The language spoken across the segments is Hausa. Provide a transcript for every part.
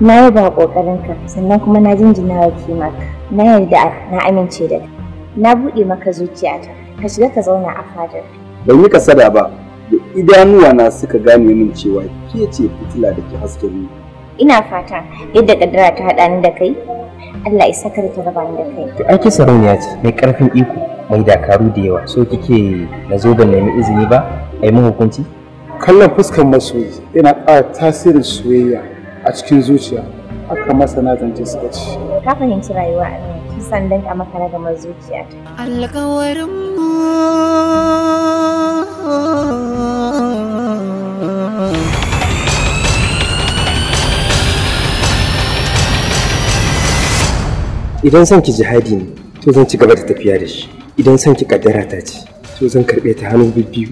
na yaba ka, sannan kuma na jinjina wa kimarka na yarda na amince da kai na buɗe maka zuciyata ka shiga ka zauna a fadar ban yi kasada ba da idanuwa na suka gane min cewa ke ce fitila da ke haske ni ina fata yadda kaddara ta haɗa ni da kai Allah ya saka da ta raba ni da kai to aiki sarauniya ce mai karfin iko mai dakaru da yawa so kike na zo ban nemi izini ba ai mu hukunci kallon fuskar masoyi yana ƙara tasirin soyayya a cikin zuciya haka masana zance suka ce ka fahimci rayuwa a nan dan ka maka na gama zuciya ta alƙawarin idan son ki jihadi ne to zan ci gaba da tafiya da shi idan son ki kaddara ta ce to zan karɓe ta hannu biyu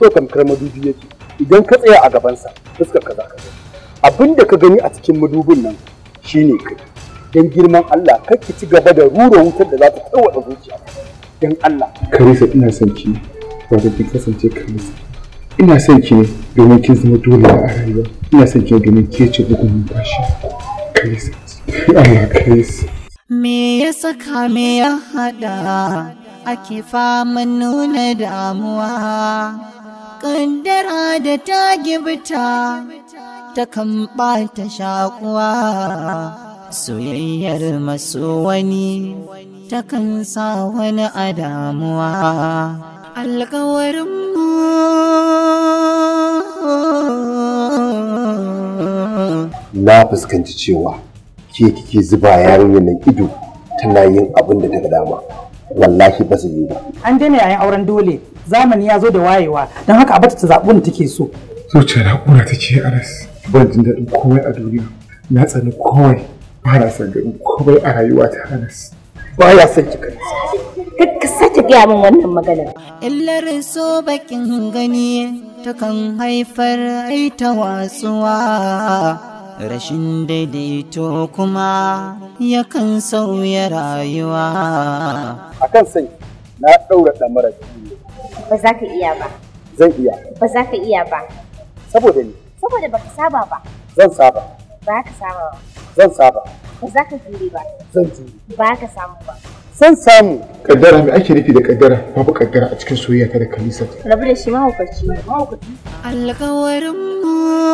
so kamkar madubi yake idan ka tsaya a gabansa fuskar ka za ka zama abin da ka gani a cikin madubin nan shine kai don girman Allah kar ki ci gaba da rura wutar da za ta tarwata zuciya don Allah Karisa ina son ki wato ki kasance Karisa ina son ki domin kin zama dole a rayuwa ina son ki domin ke ce bugun numfashi Karisa Allah Karisa me ya saka me ya hada ake faman nuna damuwa kaddara da ta gibta takan ɓata shakuwa soyayyar masu wani takan sa wani a damuwa alkawarinmu na fuskanci cewa ke kike zuba yarinyar nan ido tana yin abin da ga dama wallahi ba su yi ba an daina yayin auren dole zamani ya zo da wayewa don haka a bata ta zaɓi da take so zuciya na ƙura take aras ban jin daɗin komai a duniya na tsani komai ba na san ganin komai a rayuwa ta anas ba ya son ki kai ka sake gaya min wannan maganar illar so bakin gani takan haifar aita watsuwa rashin daidaito kuma yakan sauya rayuwa. A kan sai na ɗaura mara Ba za ka iya ba. Zan iya. Ba za ka iya ba. Saboda ni. saboda baka saba ba zan saba ba ka saba ba zan saba ba za ka jure ba zan jure ba ka samu ba zan samu kaddara me ake nufi da kaddara babu kaddara a cikin soyayya ta da kalisa rabu da shi mahaukaci mahaukaci alƙawarin mu